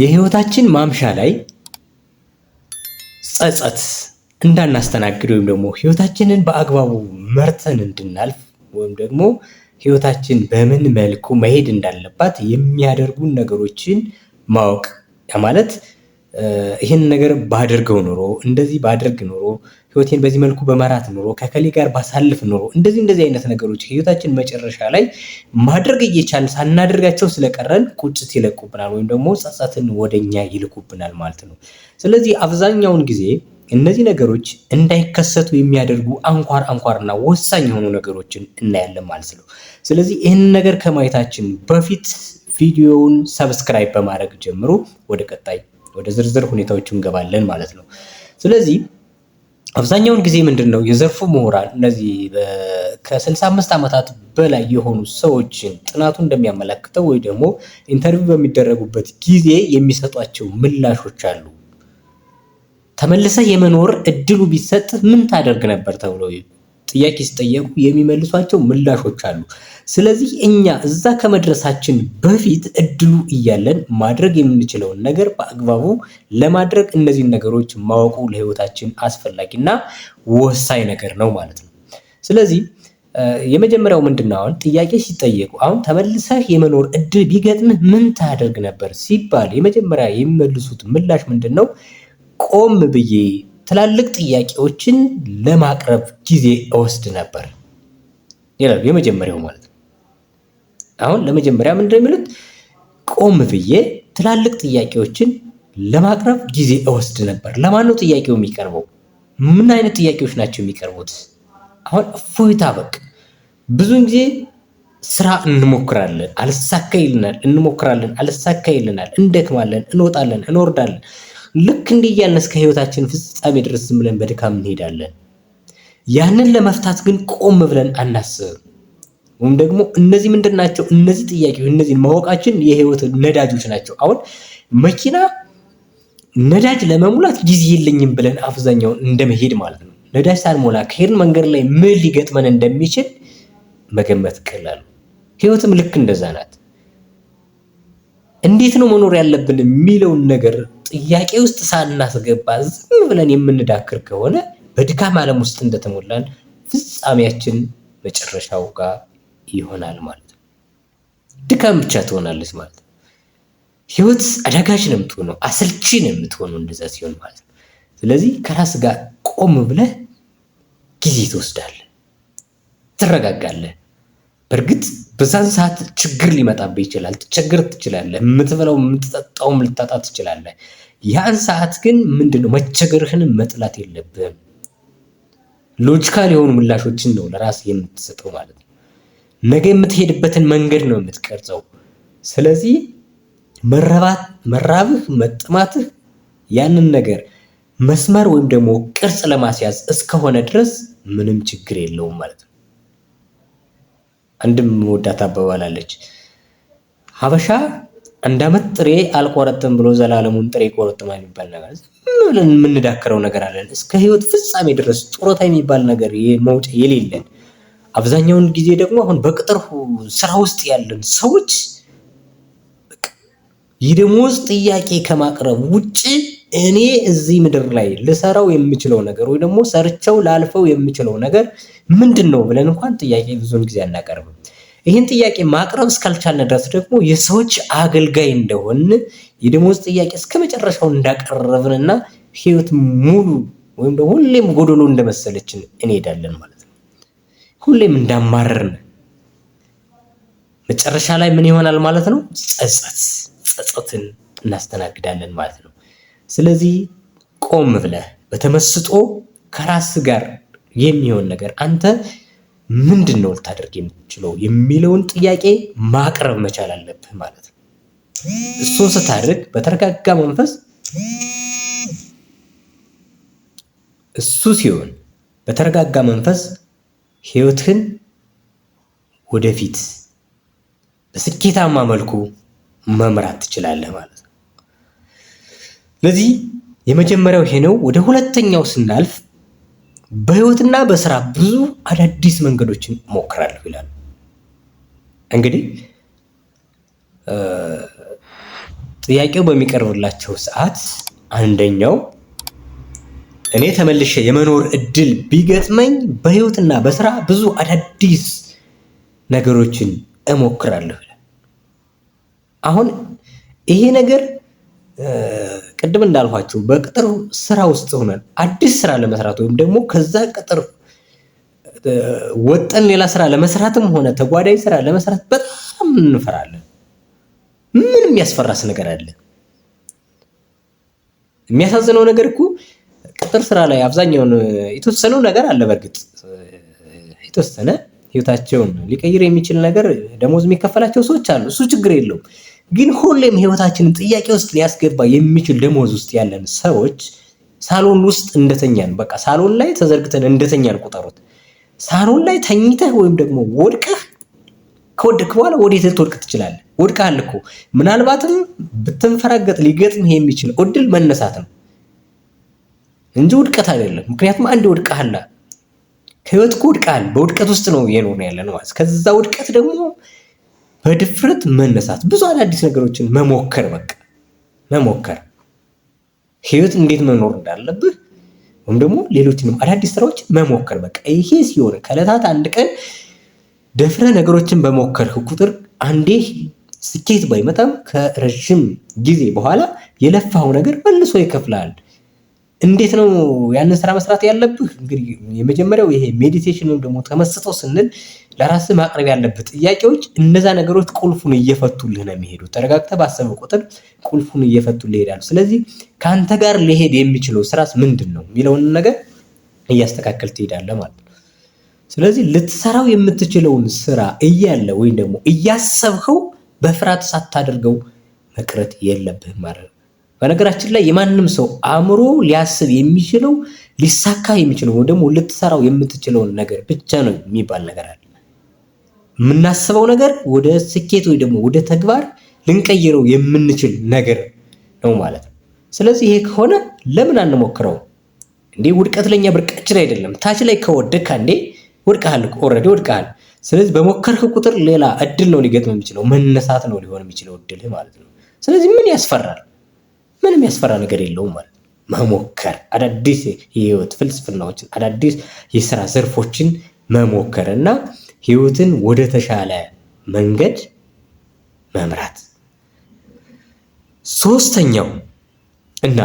የህይወታችን ማምሻ ላይ ጸጸት እንዳናስተናግድ ወይም ደግሞ ህይወታችንን በአግባቡ መርተን እንድናልፍ ወይም ደግሞ ህይወታችን በምን መልኩ መሄድ እንዳለባት የሚያደርጉን ነገሮችን ማወቅ ማለት ይህን ነገር ባደርገው ኖሮ እንደዚህ ባደርግ ኖሮ ህይወቴን በዚህ መልኩ በመራት ኖሮ ከከሌ ጋር ባሳልፍ ኖሮ እንደዚህ እንደዚህ አይነት ነገሮች ህይወታችን መጨረሻ ላይ ማድረግ እየቻል ሳናደርጋቸው ስለቀረን ቁጭት ይለቁብናል፣ ወይም ደግሞ ጸጸትን ወደኛ ይልኩብናል ማለት ነው። ስለዚህ አብዛኛውን ጊዜ እነዚህ ነገሮች እንዳይከሰቱ የሚያደርጉ አንኳር አንኳርና ወሳኝ የሆኑ ነገሮችን እናያለን ማለት ነው። ስለዚህ ይህን ነገር ከማየታችን በፊት ቪዲዮውን ሰብስክራይብ በማድረግ ጀምሩ። ወደ ቀጣይ ወደ ዝርዝር ሁኔታዎች እንገባለን ማለት ነው። ስለዚህ አብዛኛውን ጊዜ ምንድን ነው የዘርፉ ምሁራን እነዚህ ከ65 ዓመታት በላይ የሆኑ ሰዎችን ጥናቱ እንደሚያመላክተው ወይ ደግሞ ኢንተርቪው በሚደረጉበት ጊዜ የሚሰጧቸው ምላሾች አሉ። ተመልሰህ የመኖር እድሉ ቢሰጥ ምን ታደርግ ነበር ተብለው ጥያቄ ሲጠየቁ የሚመልሷቸው ምላሾች አሉ። ስለዚህ እኛ እዛ ከመድረሳችን በፊት እድሉ እያለን ማድረግ የምንችለውን ነገር በአግባቡ ለማድረግ እነዚህን ነገሮች ማወቁ ለህይወታችን አስፈላጊና ወሳኝ ነገር ነው ማለት ነው። ስለዚህ የመጀመሪያው ምንድን ነው? አሁን ጥያቄ ሲጠየቁ አሁን ተመልሰህ የመኖር እድል ቢገጥምህ ምን ታደርግ ነበር ሲባል የመጀመሪያ የሚመልሱት ምላሽ ምንድን ነው? ቆም ብዬ ትላልቅ ጥያቄዎችን ለማቅረብ ጊዜ እወስድ ነበር ይላሉ። የመጀመሪያው ማለት ነው። አሁን ለመጀመሪያ ምን የሚሉት ቆም ብዬ ትላልቅ ጥያቄዎችን ለማቅረብ ጊዜ እወስድ ነበር። ለማን ነው ጥያቄው የሚቀርበው? ምን አይነት ጥያቄዎች ናቸው የሚቀርቡት? አሁን እፎይታ በቅ ብዙን ጊዜ ስራ እንሞክራለን፣ አልሳካ ይልናል፣ እንሞክራለን፣ አልሳካ ይልናል፣ እንደክማለን፣ እንወጣለን፣ እንወርዳለን ልክ እንዲህ እያልን እስከ ፍጻሜ ድረስ ዝም ብለን በድካም እንሄዳለን። ያንን ለመፍታት ግን ቆም ብለን አናስብም። ወይም ደግሞ እነዚህ ምንድን ናቸው? እነዚህ ጥያቄዎች እነዚህን ማወቃችን የህይወት ነዳጆች ናቸው። አሁን መኪና ነዳጅ ለመሙላት ጊዜ የለኝም ብለን አብዛኛውን እንደመሄድ ማለት ነው። ነዳጅ ሳልሞላ ከሄድን መንገድ ላይ ምን ሊገጥመን እንደሚችል መገመት ቀላል። ህይወትም ልክ እንደዛ ናት። እንዴት ነው መኖር ያለብን የሚለውን ነገር ጥያቄ ውስጥ ሳናስገባ ዝም ብለን የምንዳክር ከሆነ በድካም ዓለም ውስጥ እንደተሞላን ፍጻሜያችን መጨረሻው ጋር ይሆናል ማለት ነው። ድካም ብቻ ትሆናለች ማለት ነው። ህይወት አዳጋች ነው የምትሆነው፣ አሰልቺ ነው የምትሆነው እንደዛ ሲሆን ማለት ነው። ስለዚህ ከራስ ጋር ቆም ብለህ ጊዜ ትወስዳለህ፣ ትረጋጋለህ። በእርግጥ በዛን ሰዓት ችግር ሊመጣብህ ይችላል። ትቸግር ትችላለህ። የምትበላው የምትጠጣውም ልታጣ ትችላለህ። ያን ሰዓት ግን ምንድነው መቸገርህን መጥላት የለብህም። ሎጂካል የሆኑ ምላሾችን ነው ለራስ የምትሰጠው ማለት ነው። ነገ የምትሄድበትን መንገድ ነው የምትቀርጸው። ስለዚህ መራብህ፣ መጥማትህ ያንን ነገር መስመር ወይም ደግሞ ቅርጽ ለማስያዝ እስከሆነ ድረስ ምንም ችግር የለውም ማለት ነው። አንድም ወዳት አበባላለች። ሀበሻ አንድ ጥሬ አልቆረጥም ብሎ ዘላለሙን ጥሬ ቆረጥማል የሚባል ነገር ምን ብለን የምንዳክረው ነገር አለን። እስከ ህይወት ፍጻሜ ድረስ ጡረታ የሚባል ነገር መውጫ የሌለን አብዛኛውን ጊዜ ደግሞ አሁን በቅጥር ስራ ውስጥ ያለን ሰዎች የደሞዝ ጥያቄ ከማቅረብ ውጭ እኔ እዚህ ምድር ላይ ልሰራው የምችለው ነገር ወይ ደግሞ ሰርቸው ላልፈው የምችለው ነገር ምንድን ነው ብለን እንኳን ጥያቄ ብዙውን ጊዜ አናቀርብም። ይህን ጥያቄ ማቅረብ እስካልቻልን ድረስ ደግሞ የሰዎች አገልጋይ እንደሆን የደሞዝ ጥያቄ እስከ መጨረሻውን እንዳቀረብንና ህይወት ሙሉ ወይም ደግሞ ሁሌም ጎዶሎ እንደመሰለችን እንሄዳለን ማለት ነው። ሁሌም እንዳማረርን መጨረሻ ላይ ምን ይሆናል ማለት ነው? ጸጸት ጸጸትን እናስተናግዳለን ማለት ነው። ስለዚህ ቆም ብለህ በተመስጦ ከራስ ጋር የሚሆን ነገር አንተ ምንድን ነው ልታደርግ የምትችለው የሚለውን ጥያቄ ማቅረብ መቻል አለብህ ማለት ነው። እሱን ስታደርግ በተረጋጋ መንፈስ እሱ ሲሆን በተረጋጋ መንፈስ ህይወትህን ወደፊት በስኬታማ መልኩ መምራት ትችላለህ ማለት ነው። ስለዚህ የመጀመሪያው ይሄ ነው። ወደ ሁለተኛው ስናልፍ በህይወትና በስራ ብዙ አዳዲስ መንገዶችን እሞክራለሁ ይላል። እንግዲህ ጥያቄው በሚቀርብላቸው ሰዓት አንደኛው እኔ ተመልሼ የመኖር እድል ቢገጥመኝ በህይወትና በስራ ብዙ አዳዲስ ነገሮችን እሞክራለሁ ይላል። አሁን ይሄ ነገር ቅድም እንዳልኋችሁ በቅጥር ስራ ውስጥ ሆነን አዲስ ስራ ለመስራት ወይም ደግሞ ከዛ ቅጥር ወጠን ሌላ ስራ ለመስራትም ሆነ ተጓዳኝ ስራ ለመስራት በጣም እንፈራለን። ምን የሚያስፈራስ ነገር አለ? የሚያሳዝነው ነገር እኮ ቅጥር ስራ ላይ አብዛኛውን የተወሰነው ነገር አለ። በእርግጥ የተወሰነ ህይወታቸውን ሊቀይር የሚችል ነገር ደሞዝ የሚከፈላቸው ሰዎች አሉ። እሱ ችግር የለውም። ግን ሁሌም ህይወታችንን ጥያቄ ውስጥ ሊያስገባ የሚችል ደሞዝ ውስጥ ያለን ሰዎች ሳሎን ውስጥ እንደተኛን፣ በቃ ሳሎን ላይ ተዘርግተን እንደተኛን ቁጠሩት። ሳሎን ላይ ተኝተህ ወይም ደግሞ ወድቀህ ከወደክ በኋላ ወዴት ልትወድቅ ትችላለህ? ወድቀሃል እኮ ምናልባትም ብትንፈራገጥ ሊገጥምህ የሚችል እድል መነሳት ነው እንጂ ውድቀት አይደለም። ምክንያቱም አንድ ወድቀሃል፣ ከህይወት እኮ በውድቀት ውስጥ ነው የኖር ያለ ነው። ከዛ ውድቀት ደግሞ በድፍረት መነሳት፣ ብዙ አዳዲስ ነገሮችን መሞከር፣ በቃ መሞከር፣ ህይወት እንዴት መኖር እንዳለብህ ወይም ደግሞ ሌሎችንም አዳዲስ ስራዎች መሞከር። በቃ ይሄ ሲሆን ከዕለታት አንድ ቀን ደፍረ ነገሮችን በሞከርህ ቁጥር አንዴ ስኬት ባይመጣም ከረዥም ጊዜ በኋላ የለፋኸው ነገር መልሶ ይከፍላል። እንዴት ነው ያንን ስራ መስራት ያለብህ? እንግዲህ የመጀመሪያው ይሄ ሜዲቴሽን ወይም ደግሞ ተመስጦ ስንል ለራስ ማቅረብ ያለብህ ጥያቄዎች እነዛ ነገሮች ቁልፉን እየፈቱልህ ነው የሚሄዱ። ተረጋግተ ባሰበ ቁጥር ቁልፉን እየፈቱልህ ይሄዳሉ። ስለዚህ ከአንተ ጋር ሊሄድ የሚችለው ስራስ ምንድን ነው የሚለውን ነገር እያስተካከል ትሄዳለ ማለት ነው። ስለዚህ ልትሰራው የምትችለውን ስራ እያለ ወይም ደግሞ እያሰብኸው በፍርሃት ሳታደርገው መቅረት የለብህም ማለት ነው። በነገራችን ላይ የማንም ሰው አእምሮ ሊያስብ የሚችለው ሊሳካ የሚችለው ወይ ደግሞ ልትሰራው የምትችለውን ነገር ብቻ ነው የሚባል ነገር አለ። የምናስበው ነገር ወደ ስኬት ወይ ደግሞ ወደ ተግባር ልንቀይረው የምንችል ነገር ነው ማለት ነው። ስለዚህ ይሄ ከሆነ ለምን አንሞክረው እንዴ? ውድቀት ለኛ ብርቃችን አይደለም። ታች ላይ ከወደቅክ እንዴ ወድቀሃል፣ ኦልሬዲ ወድቀሃል። ስለዚህ በሞከርክ ቁጥር ሌላ እድል ነው ሊገጥም የሚችለው፣ መነሳት ነው ሊሆን የሚችለው እድልህ ማለት ነው። ስለዚህ ምን ያስፈራል? ምንም ያስፈራ ነገር የለውም ማለት መሞከር አዳዲስ የህይወት ፍልስፍናዎችን አዳዲስ የስራ ዘርፎችን መሞከር እና ህይወትን ወደ ተሻለ መንገድ መምራት። ሶስተኛው እና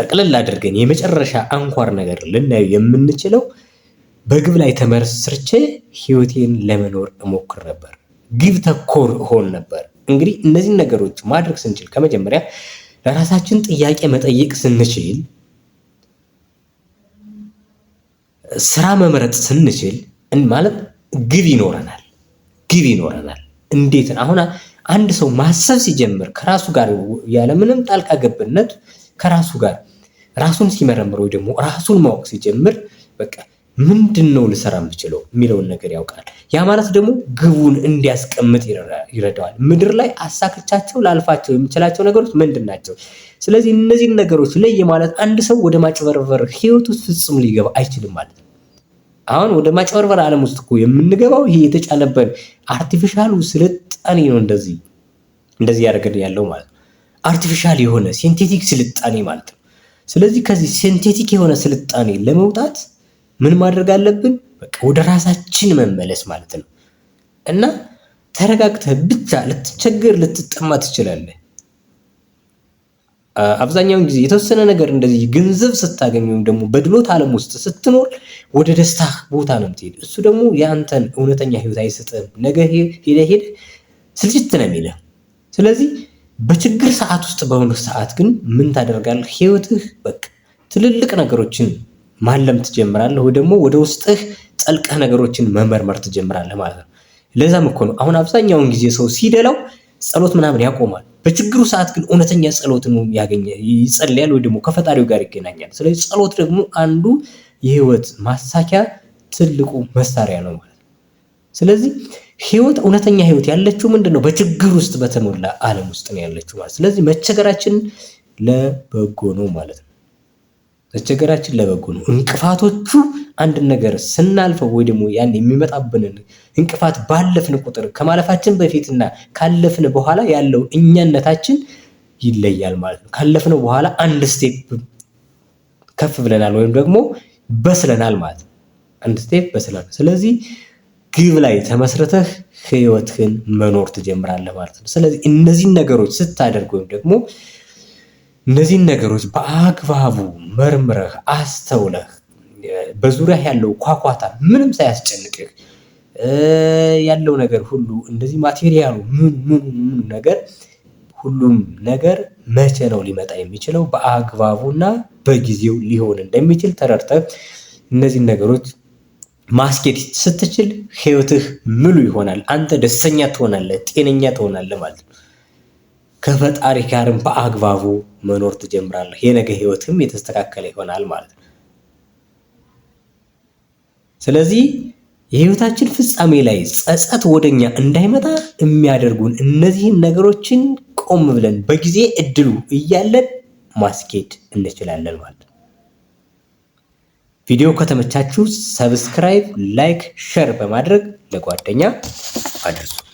ጠቅልል አድርገን የመጨረሻ አንኳር ነገር ልናየው የምንችለው በግብ ላይ ተመስርቼ ህይወቴን ለመኖር እሞክር ነበር። ግብ ተኮር እሆን ነበር። እንግዲህ እነዚህን ነገሮች ማድረግ ስንችል ከመጀመሪያ ለራሳችን ጥያቄ መጠየቅ ስንችል፣ ስራ መምረጥ ስንችል ማለት ግብ ይኖረናል። ግብ ይኖረናል። እንዴት አሁን አንድ ሰው ማሰብ ሲጀምር ከራሱ ጋር ያለምንም ጣልቃ ገብነት ከራሱ ጋር ራሱን ሲመረምር ወይ ደግሞ ራሱን ማወቅ ሲጀምር በቃ ምንድን ነው ልሰራ የምችለው የሚለውን ነገር ያውቃል። ያ ማለት ደግሞ ግቡን እንዲያስቀምጥ ይረዳዋል። ምድር ላይ አሳክቻቸው ላልፋቸው የምችላቸው ነገሮች ምንድን ናቸው? ስለዚህ እነዚህን ነገሮች ለይ ማለት አንድ ሰው ወደ ማጭበርበር ህይወት ውስጥ ፍጹም ሊገባ አይችልም ማለት ነው። አሁን ወደ ማጭበርበር ዓለም ውስጥ እኮ የምንገባው ይሄ የተጫነበን አርቲፊሻሉ ስልጣኔ ነው። እንደዚህ እንደዚህ ያደርገን ያለው ማለት ነው። አርቲፊሻል የሆነ ሲንቴቲክ ስልጣኔ ማለት ነው። ስለዚህ ከዚህ ሲንቴቲክ የሆነ ስልጣኔ ለመውጣት ምን ማድረግ አለብን? በቃ ወደ ራሳችን መመለስ ማለት ነው። እና ተረጋግተህ ብቻ ልትቸገር ልትጠማ ትችላለህ። አብዛኛውን ጊዜ የተወሰነ ነገር እንደዚህ ገንዘብ ስታገኝ ወይም ደግሞ በድሎት ዓለም ውስጥ ስትኖር ወደ ደስታ ቦታ ነው የምትሄድ። እሱ ደግሞ የአንተን እውነተኛ ህይወት አይሰጥም። ነገ ሄደ ሄደ ስልችት ነው የሚልህ። ስለዚህ በችግር ሰዓት ውስጥ በሆኑ ሰዓት ግን ምን ታደርጋለህ? ህይወትህ በቃ ትልልቅ ነገሮችን ማለም ትጀምራለህ፣ ወይ ደግሞ ወደ ውስጥህ ጠልቀህ ነገሮችን መመርመር ትጀምራለህ ማለት ነው። ለዛም እኮ ነው አሁን አብዛኛውን ጊዜ ሰው ሲደላው ጸሎት ምናምን ያቆማል። በችግሩ ሰዓት ግን እውነተኛ ጸሎትን ያገኘ ይጸልያል፣ ወይ ደግሞ ከፈጣሪው ጋር ይገናኛል። ስለዚህ ጸሎት ደግሞ አንዱ የህይወት ማሳኪያ ትልቁ መሳሪያ ነው ማለት ነው። ስለዚህ ህይወት እውነተኛ ህይወት ያለችው ምንድን ነው? በችግር ውስጥ በተሞላ ዓለም ውስጥ ነው ያለችው ማለት። ስለዚህ መቸገራችን ለበጎ ነው ማለት ነው። መቸገራችን ለበጎ ነው። እንቅፋቶቹ አንድ ነገር ስናልፈው ወይ ደግሞ ያን የሚመጣብንን እንቅፋት ባለፍን ቁጥር ከማለፋችን በፊትና ካለፍን በኋላ ያለው እኛነታችን ይለያል ማለት ነው። ካለፍነው በኋላ አንድ ስቴፕ ከፍ ብለናል ወይም ደግሞ በስለናል ማለት ነው። አንድ ስቴፕ በስለናል። ስለዚህ ግብ ላይ ተመስረተህ ህይወትህን መኖር ትጀምራለህ ማለት ነው። ስለዚህ እነዚህን ነገሮች ስታደርግ ወይም ደግሞ እነዚህን ነገሮች በአግባቡ መርምረህ አስተውለህ በዙሪያ ያለው ኳኳታ ምንም ሳያስጨንቅህ ያለው ነገር ሁሉ እንደዚህ ማቴሪያሉ ምን ምን ነገር ሁሉም ነገር መቼ ነው ሊመጣ የሚችለው በአግባቡና በጊዜው ሊሆን እንደሚችል ተረድተህ እነዚህን ነገሮች ማስኬድ ስትችል ህይወትህ ምሉ ይሆናል። አንተ ደስተኛ ትሆናለህ፣ ጤነኛ ትሆናለህ ማለት ነው። ከፈጣሪ ጋርም በአግባቡ መኖር ትጀምራለህ። የነገ ህይወትም የተስተካከለ ይሆናል ማለት ነው። ስለዚህ የህይወታችን ፍጻሜ ላይ ጸጸት ወደኛ እንዳይመጣ የሚያደርጉን እነዚህን ነገሮችን ቆም ብለን በጊዜ እድሉ እያለን ማስኬድ እንችላለን ማለት ነው። ቪዲዮ ከተመቻችሁ ሰብስክራይብ፣ ላይክ፣ ሸር በማድረግ ለጓደኛ አድርሱ።